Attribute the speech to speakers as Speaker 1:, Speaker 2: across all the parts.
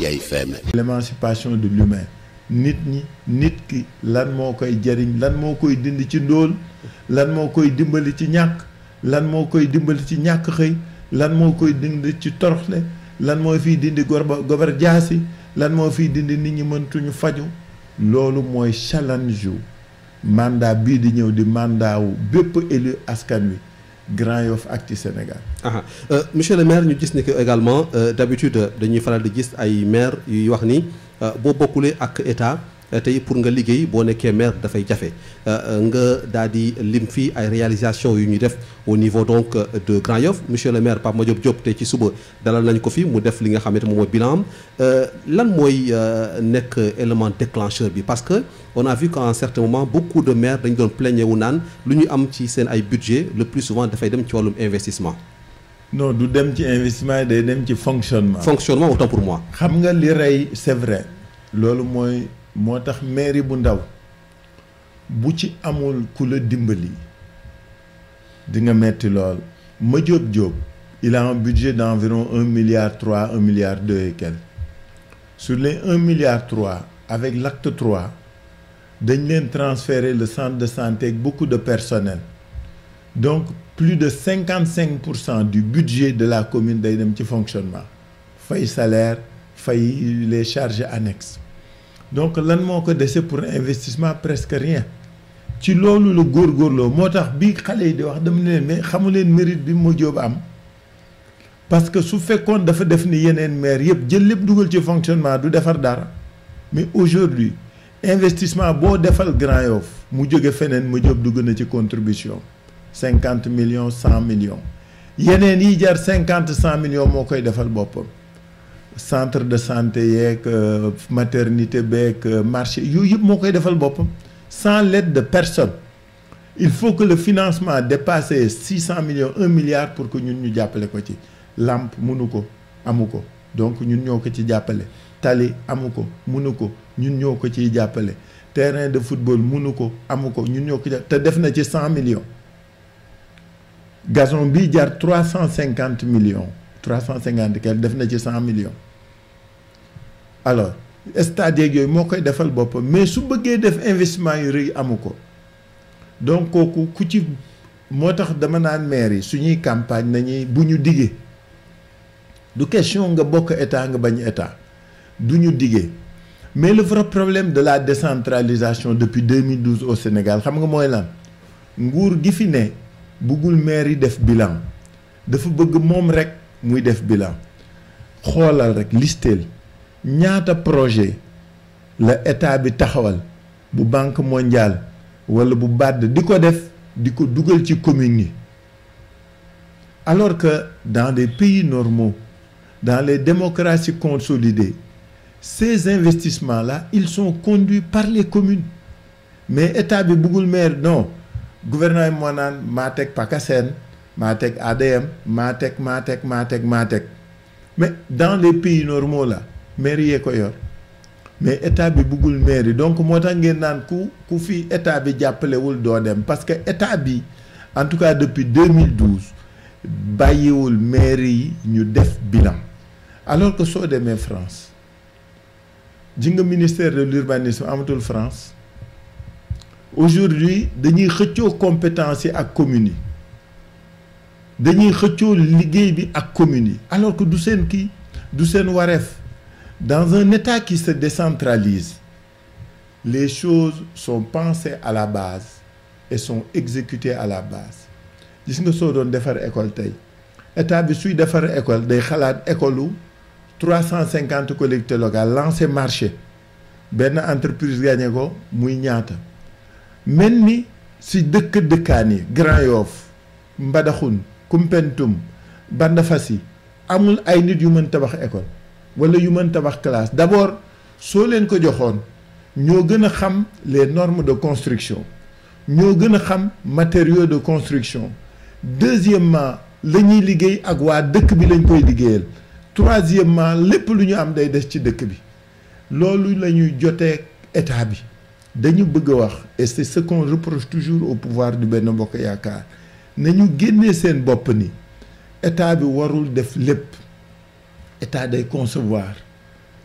Speaker 1: fi ay faible l'émancipation de l'humain nit ñi nit ki lan moo koy jariñ lan moo koy dindi ci ndóol lan moo koy dimbali ci ñàkk lan moo koy dimbali ci ñàkk xëy lan moo koy dindi ci toroxle lan mooy fiy dindi gorba gobar lan moo fiy dindi nit ñi mëntuñu faju loolu mooy challenge yu mandat bii di ñëw di mandat bépp élu askan wi Grand Yoff ak ci Sénégal.
Speaker 2: Aha. Euh, monsieur le maire ñu gis ni que également euh, d'habitude dañuy faral di gis ay maire yuy wax ni euh, boo bokkulee ak état. Euh, tey pour nga liggéey boo nekkee maire dafay jafe euh, euh, nga daal di lim fii ay réalisation yu ñu def au niveau donc de Grand Yoff monsieur le maire Pape Madiop Diop tey ci suba dalal nañ ko fi mu def li nga xamante moom mooy bilan am lan mooy nekk élément déclencheur bi parce que on a vu qu'à un certain moment beaucoup de maires dañu doon plaigner wu naan lu ñu am ci seen ay budget le plus souvent dafay dem ci wàllum investissement
Speaker 1: non du dem ci investissement day dem ci fonctionnement fonctionnement autant pour moi xam nga li rey c'est vrai loolu mooy moo tax mairie bu ndaw bu ci amul ku la dimbali di nga metti lool ma jóob jóob il a un budget d'environ un milliard trois un milliard deux et quelques sur les un milliard trois avec l'acte trois dañ leen transférer le centre de santé ak beaucoup de personnel donc plus de cinquante cinq pour cent du budget de la commune day dem ci fonctionnement fay salaire fay les charges annexes donc lan moo ko dese pour investissement presque rien ci loolu la góorgóorloo moo tax bii xale yi di wax dama ne leen mais xamu leen mérite bi moo jóob am parce que su fekkoon dafa def ni yeneen maire yëpp jël lépp dugal ci fonctionnement du defar dara mais aujourd'hui investissement boo defal Grand Yoff mu jóge feneen ma jóob dugg na ci contribution cinquante million cent million yeneen yi jar cinquante cent million moo koy defal boppam centre de santé yeeg euh, maternité beeg euh, marché yooyu yëpp moo koy defal boppam cent lette de personne il faut que le financement dépasse six cent millions un milliard pour que ñun ñu jàppale ko ci làmp munu ko amu ko donc ñun ñoo ko ci jàppale tali amu ko mënu ko ñun ñoo ko ci jàppale terrain de football mënu ko amu ko ñun ñoo ko te def na ci cent millions gazon bii jar trois cent cinquante million trois cent cinquante def na ci cent millions alors stade yeeg yooyu moo koy defal boppam mais su bëggee def investissement yu rëy amu ko donc kooku ku ci moo tax dama naan maire yi suñuy campagne nañuy bu ñu diggee du question nga bokk état nga bañ état du ñu diggee mais le vrai problème de la décentralisation depuis 2012 au Sénégal xam nga mooy lan nguur gi fi ne bëggul maire yi def bilan dafa bëgg moom rek muy def bilan xoolal rek listeel ñaata projet la état bi taxawal bu banque mondiale wala bu BAD di ko def di ko dugal ci commune yi alors que dans les pays normaux dans les démocraties consolidées ces investissements la ils sont conduits par les communes mais état bi bëggul maire non gouvernement moo naan maa teg PACASEN maa teg ADM maa teg maa teg maa teg maa mais dans les pays normaux la maire yee ko yor mais état bi buggul mairie donc moo tax ngeen naan ku ku fi état bi jàppalewul doo dem parce que état bi en tout cas depuis 2012 bàyyiwul mairie yi ñu def bilan alors que soo demee France ji nga ministère de l'urbanisme amatul France aujourd'hui dañuy xëccoo compétence yi ak communes yi dañuy xëccoo liggéey bi ak communes yi alors que du seen kii du seen wareef Dans un État qui se décentralise, les choses sont pensées à la base et sont exécutées à la base gis nga soo doon defar école tey état bi suy defar école day xalaat école u trois cent cinquante collectivités lancé marché benn entreprise gagné ko muy ñaata mel ni si dëkk dëkkaan yi Grand Yoff Mbadaxun Kumpentum Bandafassi amul ay nit yu mën tabax école wala yu mën tabax classe d'abord soo leen ko joxoon ñoo gën a xam les normes de construction ñoo gën a xam matériaux de construction deuxièmement la ñuy liggéey ak waa dëkk bi lañ koy liggéeyal troisièmement lépp lu ñu am day des ci dëkk bi loolu la ñuy jotee état bi dañu bëgg a wax et c'est ce qu'on reproche toujours au pouvoir du benn Bokk Yaakaar nañu génnee seen bopp ni état bi warul def lépp état day concevoir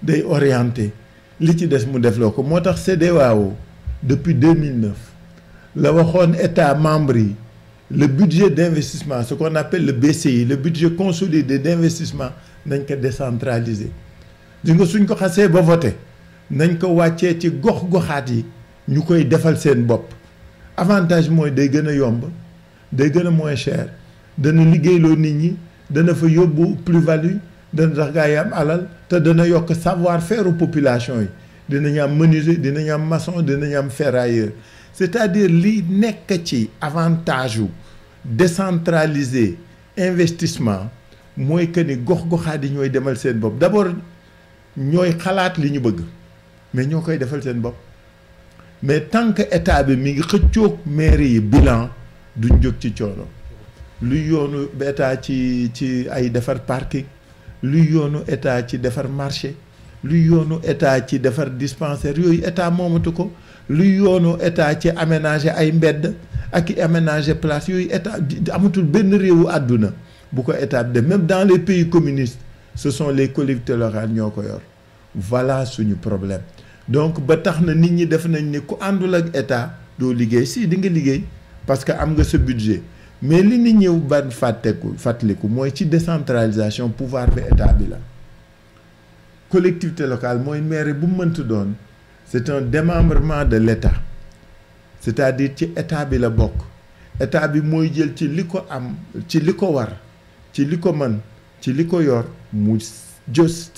Speaker 1: day orienter li ci des mu def loo ko moo tax CEDEAO depuis 2009 la waxoon état membre yi le budget d'investissement ce qu'on appelle le BCI le budget consolidé d'investissement nañ ko décentraliser di nga suñ ko xasee ba vote nañ ko wàccee ci gox-goxaat yi ñu koy defal seen bopp avantage mooy day gën a yomb day gën a moins cher dana liggéeyloo nit ñi dana fa yóbbu plus-value dana tax gaa yi alal te dana yokk savoir faire population yi dinañ am menuisier dinañ am mason dinañ am ferrailleur c'est-à-dire li nekk ci avantage wu décentraliser investissement mooy que ni gox-goxaat yi ñooy demal seen bopp d'abord ñooy xalaat li ñu bëgg mais ñoo koy defal seen bopp mais tant que état bi mi ngi xëccoog mairie yi bilan duñ jóg ci coono lu yoonu état ci ci ay defar parking lu yoonu état ci defar marché lu yoonu état ci defar dispensaire yooyu état moomatu ko lu yoonu état ci aménager ay mbedd ak i aménager place yooyu état amatul benn réewu àdduna bu ko état bi def même dans les pays communistes ce sont les collectivités locales ñoo ko yor voilà suñu problème donc ba tax na nit ñi def nañ ni ku àndul ak état doo liggéey si di nga liggéey parce que am nga sa budget mais li ni ñëw ban fàtteku fàttaliku mooy ci décentralisation pouvoir bi état bi la collectivité locale mooy maire bu mënti doon c'est un démembrement de l'état c'est-à-dire ci état bi la bokk état bi mooy jël ci li ko am ci li ko war ci li ko mën ci li ko yor mu jos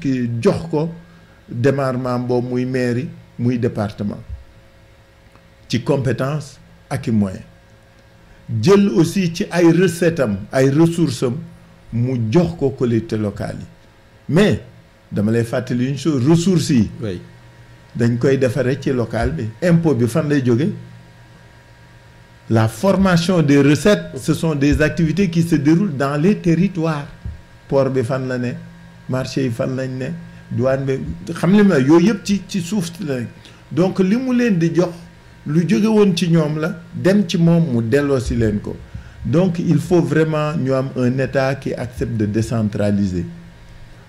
Speaker 1: ki jox ko démembrement boobu muy mairie muy département ci compétence ak i moyens jël aussi ci ay recette am ay ressource am mu jox ko collectivités locales yi mais dama lay fàttali une chose ressources yi. dañ koy defaree ci local bi. impôt bi fan lay jóge la formation des recettes. ce sont des activités ki se déroulent dans les territoires. port bi fan la ne marché yi fan lañ ne douane bi xam li ma yooyu yëpp ci ci suuf la donc li mu leen di jox. lu jóge woon ci ñoom la dem ci moom mu delloo si leen ko donc il faut vraiment ñu am un état qui accepte de décentraliser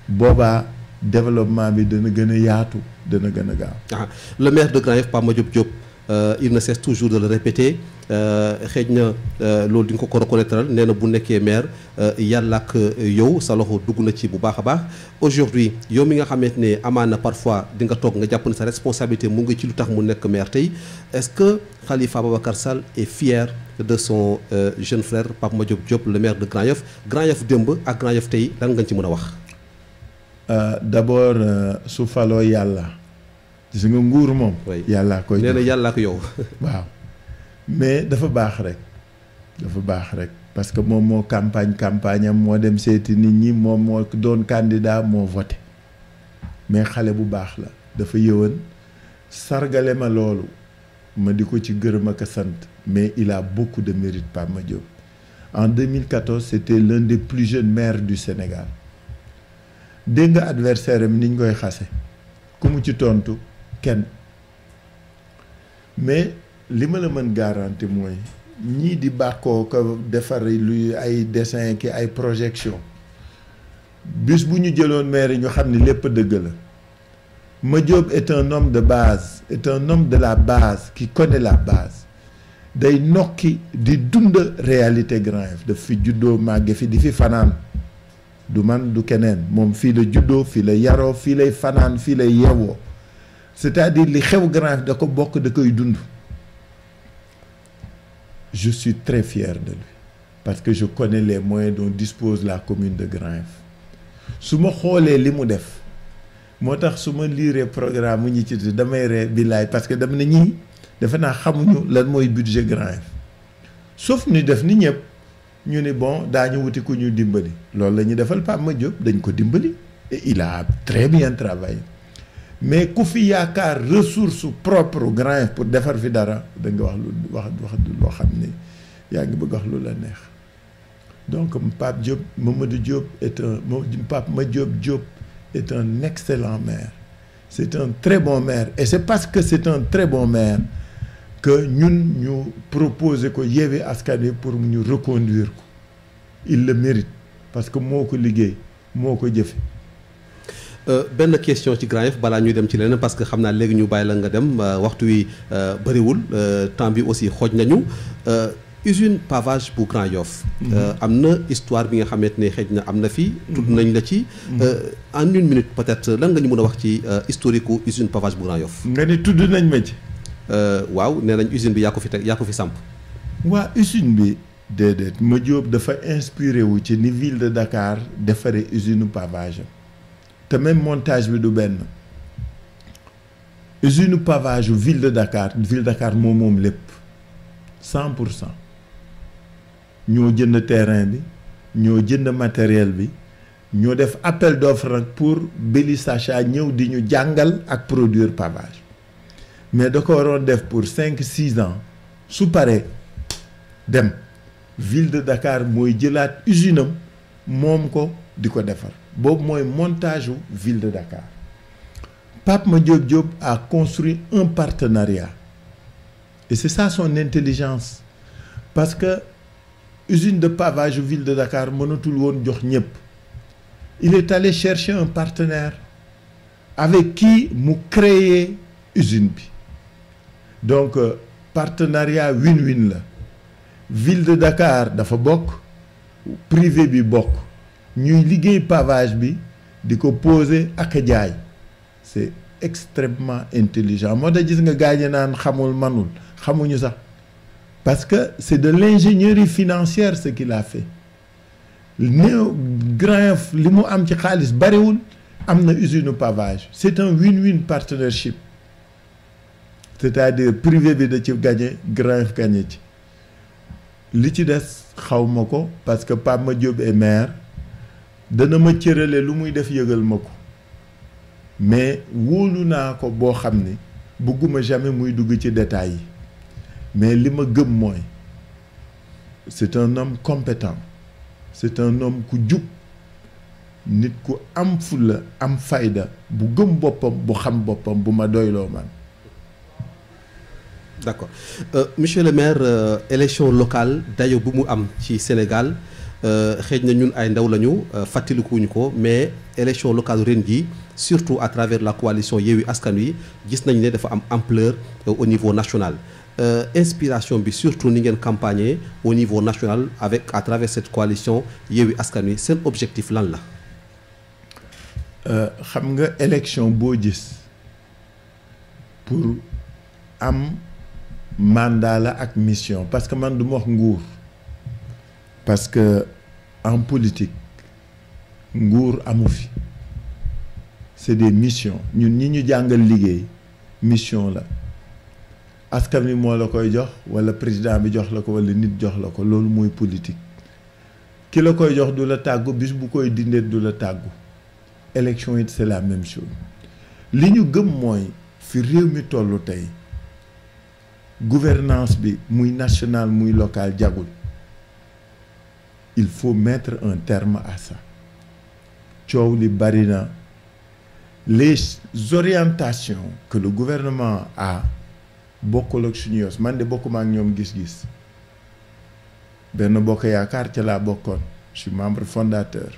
Speaker 1: boobaa développement bi dana gën a yaatu dana gën a gaaw.
Speaker 2: Ah, le maire de Grand Yoff ma Madiop Diop. Euh, il ne cesse toujours de le répéter euh, xëej na euh, loolu di nga ko ko reconnaître nee na bu nekkee maire yàlla ak yow sa loxo dugg na ci bu baax a baax aujourd'hui yow mi nga xamante ne amaana parfois di nga toog nga jàpp sa responsabilité mu ngi ci lu tax mu nekk maire tey est-ce que Khalifa Ababacar Sall est fier de son jeune frère Pape Madiop Diop le maire de Grand Yoff Grand Yoff démb ak Grand Yoff tey lan nga ci mën a wax
Speaker 1: d'abord su faloo yàlla gis nga nguur moom. yàllaa koy nee na
Speaker 2: yàllaa ko yow. waaw
Speaker 1: mais dafa baax rek. dafa baax rek parce que moom moo campagne campagne am moo dem seeti nit ñi moom moo doon candidat moo voté mais xale bu baax la dafa yëwan sargale ma loolu ma di ko ci gërëm ak a sant mais il a beaucoup de mérite Pape Madiop en 2014 c'était l'un des plus jeunes maires du Sénégal dégg nga adversaire am ni ñu koy xase ku mu ci tontu kenn mais li ma la mën garanti mooy ñii di bàkkoo ko defar luy ay dessin ki ay projection bis bu ñu jëloon maire ñu xam ni lépp dëgg la ma est un homme de base est un de la base ki connaît la base day nokki di dunda réalité Grand Yoff daf fi juddoo màgge fi di fi fanaan du man du keneen moom fii la juddoo fii la yaroo fii lay fanaan fii lay yewoo c'est-à-dire li xew Grand da ko bokk da koy dund je suis très fier de lui parce que je connais les moyens dont dispose la commune de Grand su ma xoolee li mu def moo tax su ma liiree programme mu ñi ci damay ree billaay parce que dama ne ñii defe naa xamuñu lan mooy budget Grand sauf ñu def ni ñëpp ñu ni bon daa daañu wuti ku ñu dimbali loolu la ñuy defal Pape Madiop dañ ko dimbali et il a très bien travaillé mais ku fi yaakaar ressource propre grain pour defar fi dara da wax lu wax wax loo xam ni yaa ngi bëgg wax lu la neex donc Pape Diop Mamadou Diop est un Pape Madiop Diop est un excellent maire c'est un très bon maire et c'est parce que c'est un très bon maire que ñun ñu proposer ko Yewwi Askan Wi pour ñu reconduire ko il le mérite parce que moo ko liggéey moo ko jëfe
Speaker 2: Euh, benn question ci Grand Yoff balaa ñu dem ci leneen parce que xam naa léegi ñu bàyyi la nga dem euh, waxtu wi euh, bëriwul temps bi aussi xooj nañu usine pavage bu Grand Yoff mm-hmm. am na histoire bi nga xamante ne xëj na am na fi. Mm-hmm. tudd nañ la ci. Mm-hmm. en une minute peut-être lan nga ñu mën a wax ci historique gu usine pavage bu Grand Yoff nga ne tudd nañ ma ci. waaw nee nañ usine bi yaa ko fi teg yaa ko fi samp. waa usine bi. déedéet ma Diop
Speaker 1: dafa inspiré wu ci ni ville de Dakar defaree usine pavage te même montage bi du benn usine pavage ville de Dakar ville Dakar moom moom lépp cent pour cent ñoo jënd terrain bi ñoo jënd matériel bi ñoo def appel d'offre nag pour Béli Sacha ñëw di ñu jàngal ak produire pavage mais da ko waroon def pour cinq six ans su pare dem ville de Dakar mooy jëlaat usine moom ko di ko defar boobu mooy montage ville de Dakar Pape Madiop Diop a construit un partenariat et c'est ça son intelligence parce que usine de pavage ville de Dakar mënatul woon jox ñëpp il est allé chercher un partenaire avec qui mu créer usine bi donc euh, partenariat win-win la ville de Dakar dafa bokk privé bi bokk ñuy liggéey pavage bi di ko poser ak a jaay c'est extrêmement intelligent moo tax gis nga gaañe naan xamul manul xamuñu sax parce que c'est de l'ingénierie financière ce qu'il a fait néew grand li mu am ci xaalis bariwul am na usine pavage c'est un win-win partnership c'est-à-dire privé bi da ci gagné grand gagné ci li ci des xaw ma ko parce que Pape ma est maire dana ma cërale lu muy def yëgal ma ko mais wóolu naa ko boo xam ne bëgguma jamais muy dugg ci détails yi mais li ma gëm mooy c'est un homme compétent c'est un nom ku jub nit ku am fulla am
Speaker 2: fayda bu gëm boppam bu xam boppam bu ma doyloo man d'accord euh, monsieur le maire euh, élection locale dayo bu mu am ci Sénégal Euh, xëy na ñun ay ndaw lañu euh, fàttalikuwuñu ko mais élection locale ren jii surtout à travers la coalition Yewwi Askan Wi gis nañ ne dafa am ampleur euh, au niveau national inspiration bi surtout ni ngeen campagner au niveau national avec à travers cette coalition Yewwi Askan Wi seen objectif lan la. xam nga élection boo gis pour am
Speaker 1: mandat ak mission parce que man du ma wax nguur. parce que en politique nguur amu fi c'est des mission ñun ñi ñu jàngal liggéey mission la askan wi moo la koy jox walla président bi jox la ko walla nit jox la ko loolu mooy politique ki la koy jox du la tàggu bis bu koy dindeet du la tàggu élection it c'est la même chose li ñu gëm mooy fi réew mi tollu tey gouvernance bi muy national muy local jagul il faut mettre un terme à coow li bari na les orientations que le gouvernement a bokkul ak suñu yos man de bokkuma ak ñoom gis-gis benn bokk yaakaar ca laa bokkoon si membre fondateur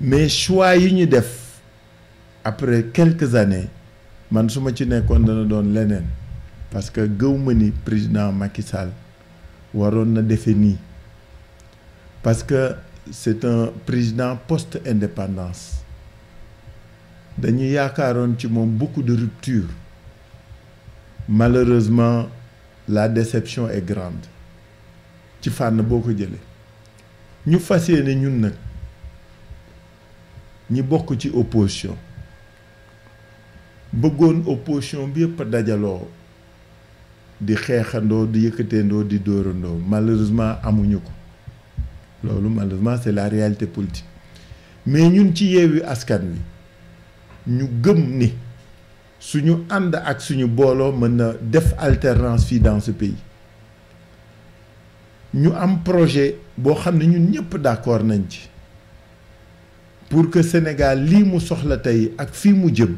Speaker 1: mais choix yi ñu def après quelques années man su ma ci nekkoon dana doon leneen parce que gëw ma ni président Macky waroon na defe nii parce que c'est un président post-indépendance dañu yaakaaroon ci moom beaucoup de ruptures malheureusement la déception est grande ci fànn boo ko jëlee ñu fas ne ñun nag ñi bokk ci opposition bëggoon opposition bi yëpp dajaloo di xeexandoo di yëkkateendoo di dóorandoo malheureusement amuñu ko loolu malheureusement c'est la réalité politique mais ñun ci yeewi askan wi ñu gëm ni suñu ànd ak suñu booloo mën na def alternance fii dans ce pays ñu am projet boo xam ne ñun ñëpp d'accord nañ ci pour que Sénégal lii mu soxla tey ak fii mu jëm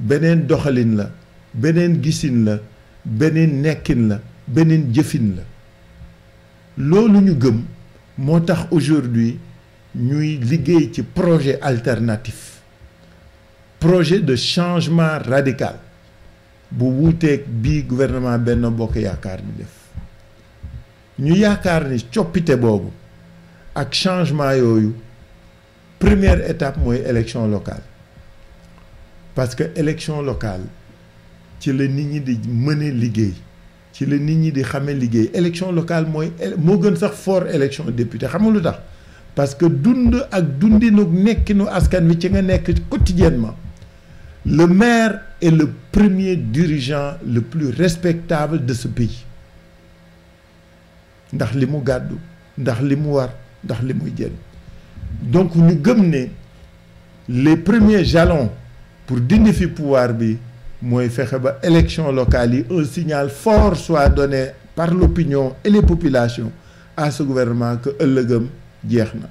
Speaker 1: beneen doxalin la beneen gisin la beneen nekkin la beneen jëfin la loolu ñu gëm moo tax aujourd'hui ñuy liggéey ci projet alternatif projet de changement radical bu wuuteeg bii gouvernement benn Bokk Yaakaar bi def ñu yaakaar ni coppite boobu ak changement yooyu première étape mooy élection locale parce que élection locale ci la nit ñi di mën a liggéey ci la nit ñi di xamee liggéey élection locale mooy moo gën sax fort élection député xam nga lu tax parce que dund ak dundinu nekkinu askan wi ci nga nekk quotidiennement le maire est le premier dirigeant le plus respectable de ce pays ndax li mu gàddu ndax li mu war ndax li mu jël donc ñu gëm ne les premier jalons pour dindi fi pouvoir bi mooy fexe ba élection locale yi un signal fort soit donné par l'opinion et les populations à ce gouvernement que ëllëgam jeex na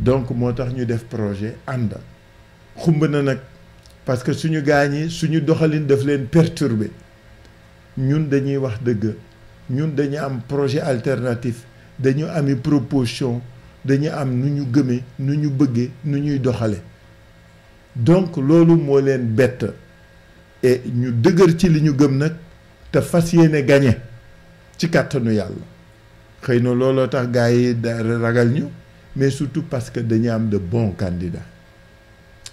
Speaker 1: donc moo tax ñu def projet ànd xumb na nag parce que suñu gaañ yi suñu doxalin daf leen perturber ñun dañuy wax dëgg ñun dañu am projet alternatif dañu ami proposition dañu am nu ñu gëmee nu ñu bëggee nu ñuy doxale donc loolu moo leen bett et ñu dëgër ci li ñu gëm nag te fas yéene gañe ci kàttanu yàlla xëy na looloo tax gars yi ragal ñu mais surtout parce que dañu am de bons candidats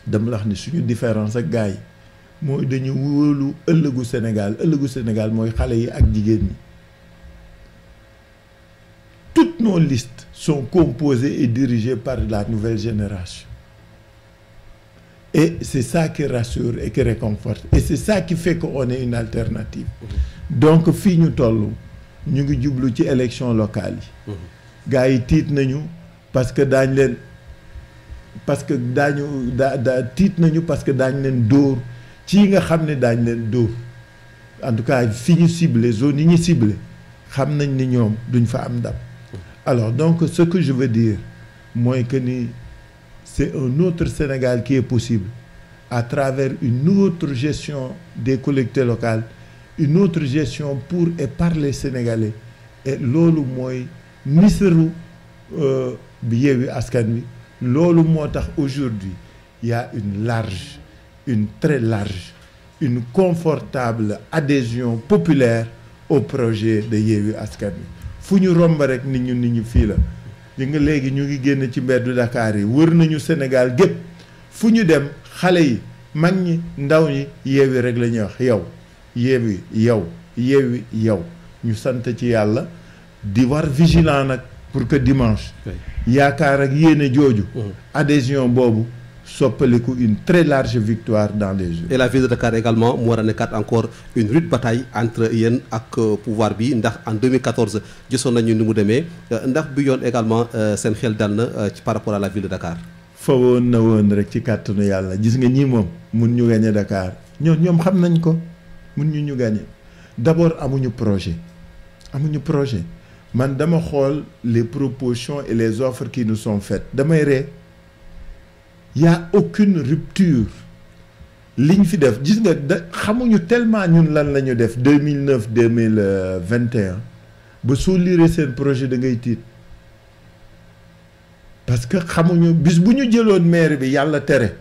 Speaker 1: dama wax ni suñu différence ak gars yi mooy dañu wóolu ëllëgu Sénégal ëllëgu Sénégal mooy xale yi ak jigéen ñi toutes nos listes son composées et dirigées par la nouvelle génération Et c'est ça qui rassure et qui réconforte. Et c'est ça qui fait qu'on une alternative. donc fii ñu tollu ñu ngi jublu ci élection locale yi. gars yi tiit nañu parce que daañ leen parce que daañu daa daa tiit nañu parce que daañ leen dóor ci nga xam ne daañ leen dóor en tout cas fi ñu ciblé zone yi ñu ciblé xam nañ ni ñoom duñ fa am ndam. alors donc ce que je veux dire mooy que ni. c'est un autre Sénégal qui est possible à travers une autre gestion des collectivités locales une autre gestion pour et par les Sénégalais et loolu mooy nisaru bi euh, Yewwi Askan Wi loolu moo tax aujourd'hui il y a une large une très large une confortable adhésion populaire au projet de Yewwi Askan Wi fu ñu romb rek nit ñu nit ñu fii la yi nga léegi ñu ngi génn ci mbeddu Dakar yi wër nañu Sénégal gépp fu ñu dem xale yi mag ñi ndaw ñi yeewi rek la ñuy wax yow yeewi yow yeewi yow ñu sant ci yàlla di war vigilant nag pour que dimanche yaakaar ak yéene jooju mm. adhésion boobu soppaliku une très large victoire dans les jeux.
Speaker 2: et la ville de Dakar également mu war a nekkaat encore une rude bataille entre yéen ak euh, pouvoir bi ndax en 2014 gisoon nañu ni mu demee euh, ndax bi yoon également euh, seen xel dal na ci par rapport à la ville de Dakar. fa woon na
Speaker 1: woon rek ci kàttanu yàlla gis nga ñii moom mun ñu gañe Dakar ñoo ñoom xam nañ ko mun ñu ñu gañe d'abord amuñu projet amuñu projet man dama xool les propositions et les offres qui nous sont fet damay ree y a aucune rupture ñu fi def gis nga da xamuñu tellement ñun lan la ñu def 2009 2021 ba soo liiree seen projet da ngay tiit parce que xamuñu bis bu ñu jëloon maire bi yàlla tere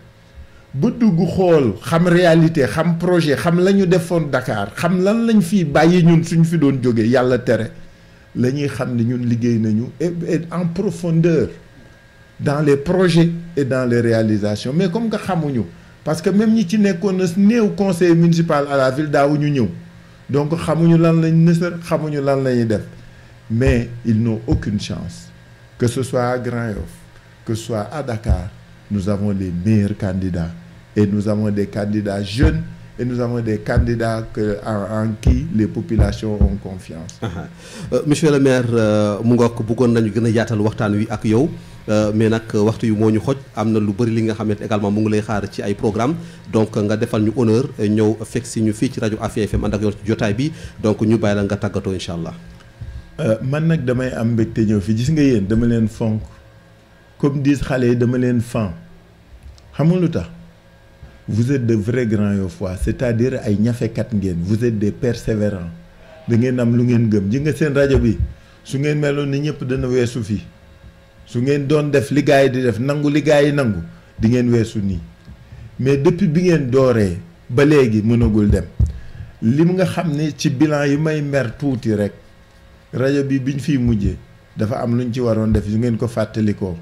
Speaker 1: ba dugg xool xam réalité xam projet xam la ñu defoon dakaar xam lan lañu fi bàyyi ñun suñ fi doon jógee yàlla tere la ñuy xam ne ñun liggéey nañu et en profondeur. dans les projets et dans les réalisations mais comme nga xamuñu parce que même ñi ci nekkoon na néew conseil municipal à la ville ñu ñëw donc xamuñu lan lañ nësër xamuñu lan la def mais ils n'ont aucune chance que ce soit à Grand-Yoff que ce soit à Dakar nous avons les meilleurs candidats et nous avons des candidats jeunes et nous avons des candidats
Speaker 2: que en, en qui les populations ont confiance. Uh -huh. euh, monsieur le maire euh, mu ngoog bëggoon nañu gën a yaatal waxtaan wi ak yow. Euh, mais nag euh, waxtu yi moo ñu xoj am na lu bëri li nga xamante également mu ngi lay xaar ci ay programme donc euh, nga defal ñu honneur ñëw fekk si ñu fii ci rajo Afia FM ak yoon jotaay bi donc ñu bàyyi nga tàggatoo incha allah.
Speaker 1: man nag damay am mbégte ñëw fi gis nga yéen dama leen fonk comme disent xale yi dama leen fan xamul lu tax vous de vrais grands Yoff-ois c'est-à-dire ay ñafekat ngeen vous êtes des persévérants da ngeen am lu ngeen gëm ji nga seen rajo bi su ngeen meloon ni ñëpp dana weesu fii su ngeen doon def liggaay di def nangu liggaay yi nangu di ngeen weesu nii mais depuis bi ngeen dooree ba léegi mënagul dem li mu nga xam ne ci bilan yi may mer tuuti rek rajo bi biñ fiy mujjee dafa am lu luñ ci waroon def yu ngeen ko fàttalikoo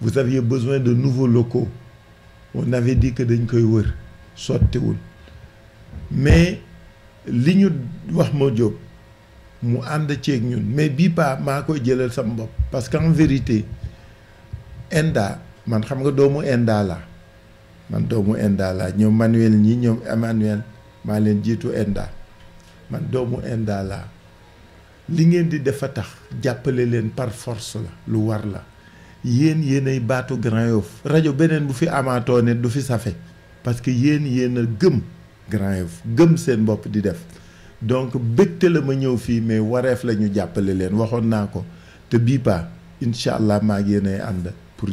Speaker 1: vous aviez besoin de nouveaux locaux on avait dit que dañ koy wër sottiwul mais li ñu wax ma jóg mu ànd ceeg ñun mais bii pas maa koy jëlal sama mbopp parce qu'en vérité Enda man xam nga doomu Enda la man doomu Enda la ñoom Manuel ñi ñëw Emmanuel maa leen jiitu Enda man doomu Enda la li ngeen di def a tax jàppale leen par force la lu war la yéen yéenay baatu Grand Yoff rajo beneen bu fi amaatoo ne du fi safe parce que yéen yéen a gëm Grand Yoff gëm seen bopp di def donc bégte la ma ñëw fii mais wareef la ñu jàppale leen waxoon naa ko te bii incha allah maa ngi yéenay ànd pour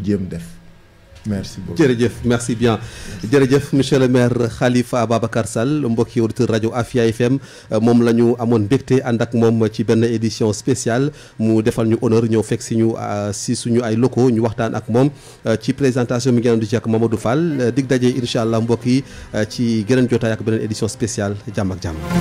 Speaker 1: merci jërëjëf
Speaker 2: merci bien jërëjëf monsieur le maire Khalifa Ababacar Sall mbokki auditeur rajo Afia FM euh, moom la ñu amoon mbégte ànd ak moom ci benn édition spéciale mu defal ñu honneur ñëw fekk si ñu euh, si suñu ay locaux ñu waxtaan ak moom euh, ci présentation mi ngeen di ci ak Mamadou Fall dig daje incha allah mbokk yi ci geneen jotaay ak beneen édition spéciale jàmm ak jàmm.